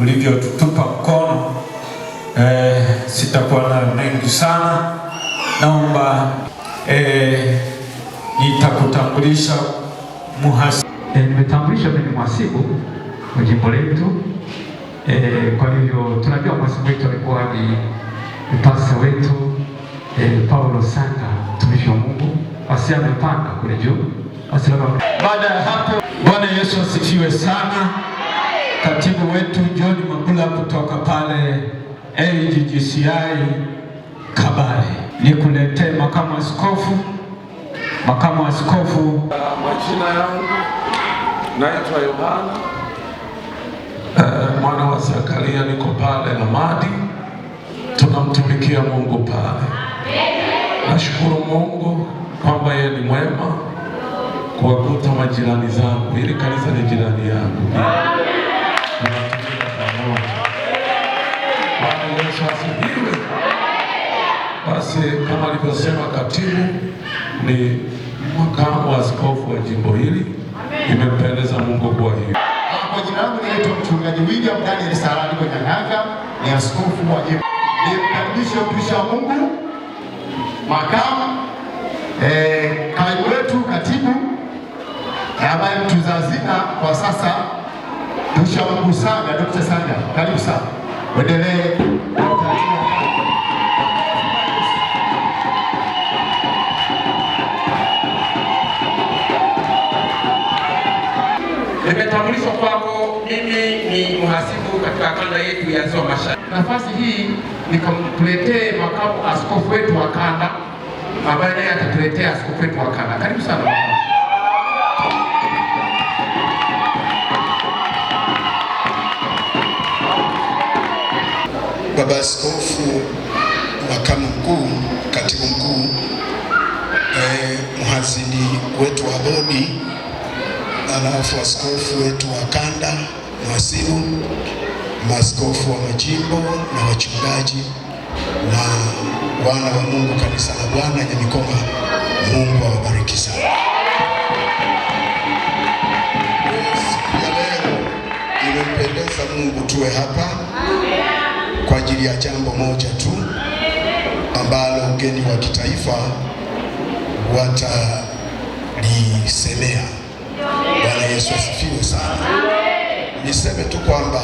ulivyotutupa mkono E, sitakuwa na mengi sana. Naomba eh, nitakutambulisha muhasibu. Eh, nimetambulisha mimi mhasibu wa jimbo letu E, kwa hivyo tunajua mhasibu wetu alikuwa ni mpasa wetu e, Paulo Sanga, mtumishi wa Mungu basi amepanda kule juu. Baada ya hapo, Bwana Yesu asifiwe sana katibu wetu John Magula kutoka pale AGGCI Kabale, nikuletee makamu askofu. Makamu askofu: majina yangu naitwa Yohana uh, mwana wa Zakaria, niko pale na madi tunamtumikia Mungu pale. Nashukuru Mungu kwamba yeye ni mwema kuwakuta majirani zangu, ili kanisa ni jirani yangu. asifiwe. Basi kama alivyosema katibu, ni makamu wa askofu wa jimbo hili, imempendeza Mungu kuwa hivi. Ah, kwa jina langu naitwa mchungaji William Daniel Saradi kwa Nyang'anga, ni askofu wa jimbo. Nimkaribishe mtumishi wa Mungu makamu, eh, kaimu wetu katibu ambaye mtuzazina kwa sasa, mtumishi wa Mungu Sanga, Dr. Sanga, karibu sana, uendelee utambulisho kwako, mimi ni mhasibu katika kanda yetu ya Ziwa Mashariki. Nafasi hii nikamletee makamu askofu wetu wa kanda ambaye naye atatuletea askofu wetu wa kanda. Karibu sana. Baba Askofu, makamu mkuu, katibu mkuu, eh, mhazini wetu wa bodi alafu askofu wetu wa kanda na wasibu, wa majimbo na wachungaji na wana wa Mungu, kanisa la Bwana Nyamikoma, Mungu awabariki sana. Ya imempendeza Mungu tuwe hapa kwa ajili ya jambo moja tu ambalo ugeni wa kitaifa watalisemea Bwana Yesu asifiwe sana. Niseme tu kwamba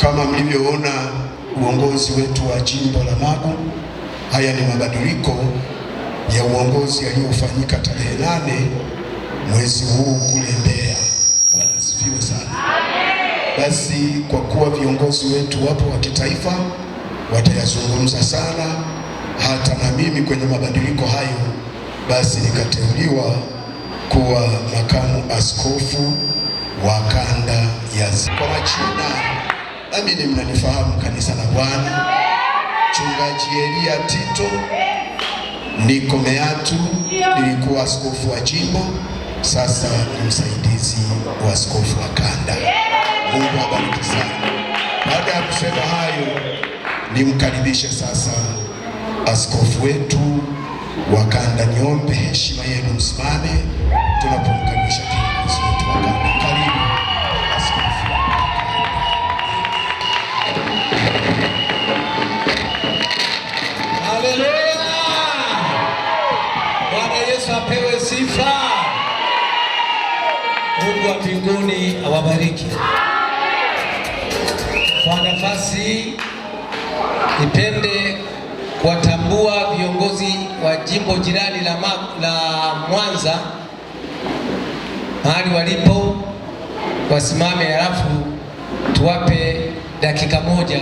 kama mlivyoona uongozi wetu wa jimbo la Magu, haya ni mabadiliko ya uongozi yaliyofanyika tarehe nane mwezi huu kule Mbeya. Bwana asifiwe sana. Basi kwa kuwa viongozi wetu wapo wa kitaifa, watayazungumza sana, hata na mimi kwenye mabadiliko hayo, basi nikateuliwa kuwa makamu askofu wa kanda ya Kwa machina ni mnanifahamu kanisa la Bwana, Mchungaji Elia Tito niko Meatu, nilikuwa askofu wa jimbo, sasa ni msaidizi wa askofu wa kanda. Mungu abariki sana. Baada ya kusema hayo, nimkaribishe sasa askofu wetu Wakanda, niombe heshima yenu, msimame tunapomkaribisha kiongozi wetu wa Wakanda. Karibu askofu. Haleluya! Bwana Yesu apewe sifa. Mungu wa mbinguni awabariki kwa nafasi ipende kuwatambua viongozi wa jimbo jirani la, la Mwanza mahali walipo wasimame, halafu tuwape dakika moja.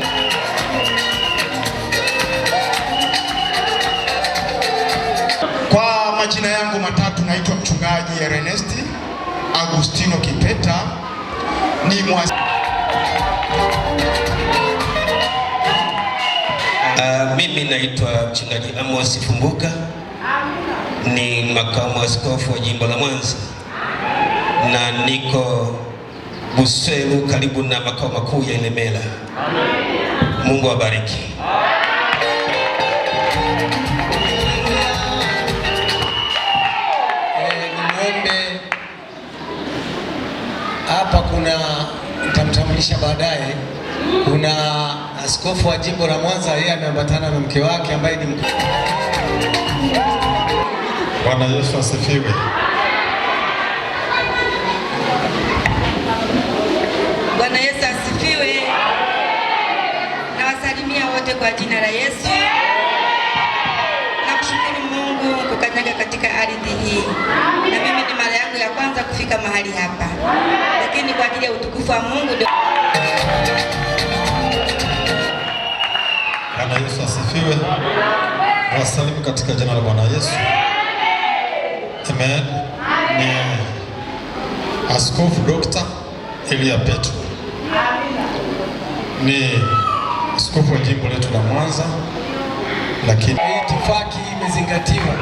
Kwa majina yangu matatu naitwa mchungaji Ernest Agustino Kipeta ni mwa Uh, mimi naitwa mchungaji Amos Fumbuka ni makamu askofu wa jimbo la Mwanza na niko Buswelu karibu na makao makuu ya Ilemela. Mungu awabariki. Eh, hapa kuna, nitamtambulisha baadaye, kuna askofu wa jimbo la Mwanza, yeye ameambatana na mke wake ambaye ni mkuu. Bwana Yesu asifiwe. Bwana Yesu asifiwe. Nawasalimia wote kwa jina la Yesu. Nakushukuru Mungu kukanyaga katika ardhi hii, na mimi ni mara yangu ya kwanza kufika mahali hapa, lakini kwa ajili ya utukufu wa Mungu asifiwe. Wasalimu katika jina la Bwana Yesu. Amen. Ni Askofu Dr. Elia Petro, ni askofu wa jimbo letu la Mwanza, lakini itifaki imezingatiwa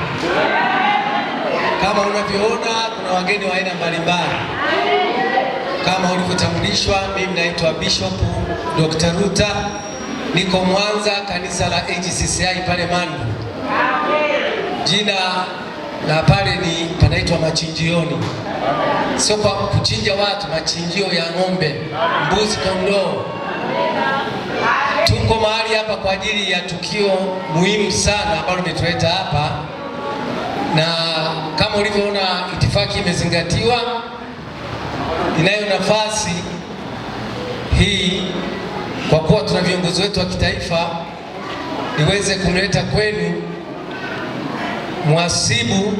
kama unavyoona. Kuna wageni wa aina mbalimbali kama ulivyotambulishwa. Mimi naitwa Bishop Dr. Ruta niko Mwanza, kanisa la AGCCI pale Mandu. Jina la pale ni panaitwa machinjioni, sio kwa kuchinja watu, machinjio ya ng'ombe, mbuzi, kondoo. Tuko mahali hapa kwa ajili ya tukio muhimu sana ambalo umetuleta hapa, na kama ulivyoona itifaki imezingatiwa, inayo nafasi hii kwa kuwa tuna viongozi wetu wa kitaifa, niweze kumleta kwenu mhasibu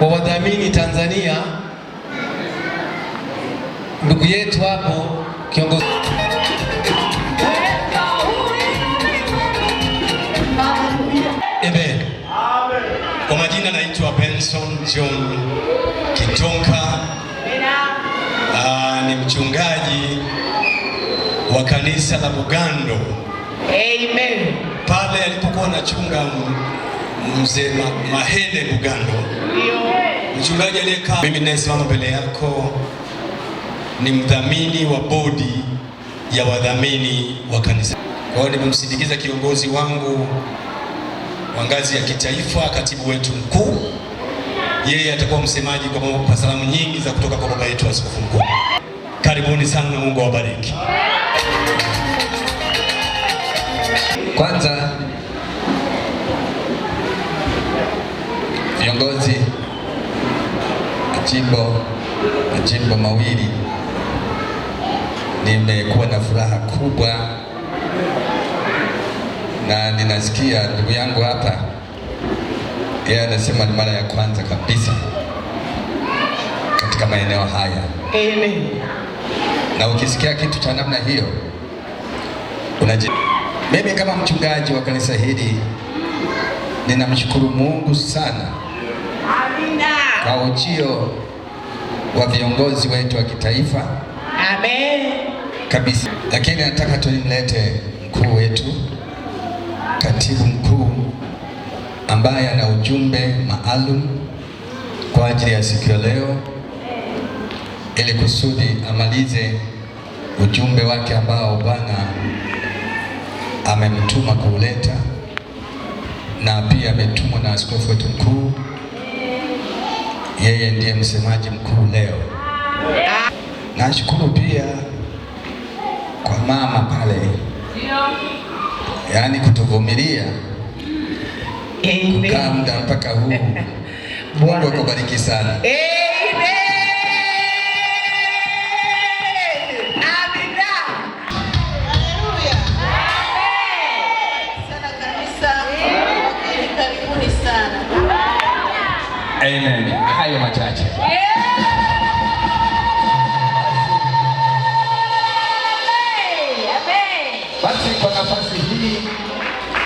wa wadhamini Tanzania, ndugu yetu hapo kiongozi Kwa majina naitwa Benson John Kitonka. Ah, ni mchungaji wa kanisa la Bugando. Amen. Pale alipokuwa anachunga mzee Mahele Bugando, mchungaji aliyekaa, mimi nayesimama mbele yako ni mdhamini wa bodi ya wadhamini wa kanisa. Kwa hiyo nimemsindikiza kiongozi wangu wa ngazi ya kitaifa, katibu wetu mkuu, yeye atakuwa msemaji kwa salamu nyingi za kutoka kwa baba yetu askofu mkuu. Karibuni sana, Mungu awabariki. Kwanza viongozi majimbo majimbo mawili, nimekuwa na furaha kubwa, na ninasikia ndugu yangu hapa, yeye anasema ni mara ya kwanza kabisa katika maeneo haya. Amen. Na ukisikia kitu cha namna hiyo unaji mimi kama mchungaji wa kanisa hili ninamshukuru Mungu sana kwa ujio wa viongozi wetu wa kitaifa Amen. kabisa. Lakini nataka tulimlete mkuu wetu, katibu mkuu ambaye ana ujumbe maalum kwa ajili ya siku ya leo, ili kusudi amalize ujumbe wake ambao Bwana amemtuma kuuleta, na pia ametumwa na askofu wetu mkuu, yeye ndiye msemaji mkuu leo. Nashukuru pia kwa mama pale, yaani kutuvumilia kukaa muda mpaka huu. Mungu akubariki sana. Amen. Hayo machache. Basi kwa nafasi hii,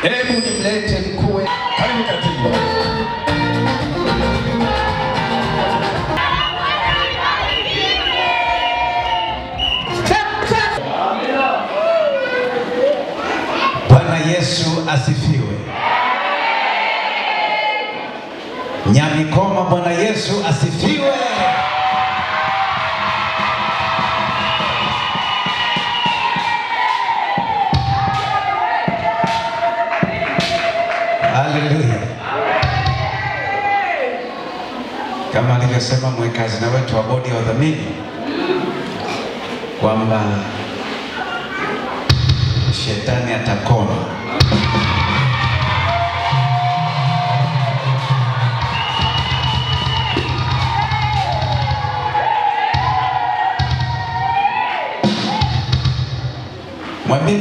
hebu nilete mkuu. Karibu katibu. Bwana Yesu asifiwe. Nyamikoma, Bwana Yesu asifiwe. Haleluya! Kama alivyosema mwekazina wetu wa bodi ya udhamini kwamba shetani atakoma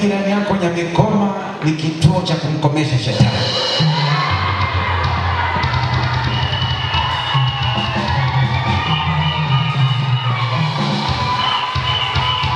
ndani yako Nyamikoma ni kituo cha kumkomesha shetani.